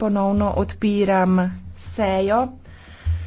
Ponovno odpiram sejo.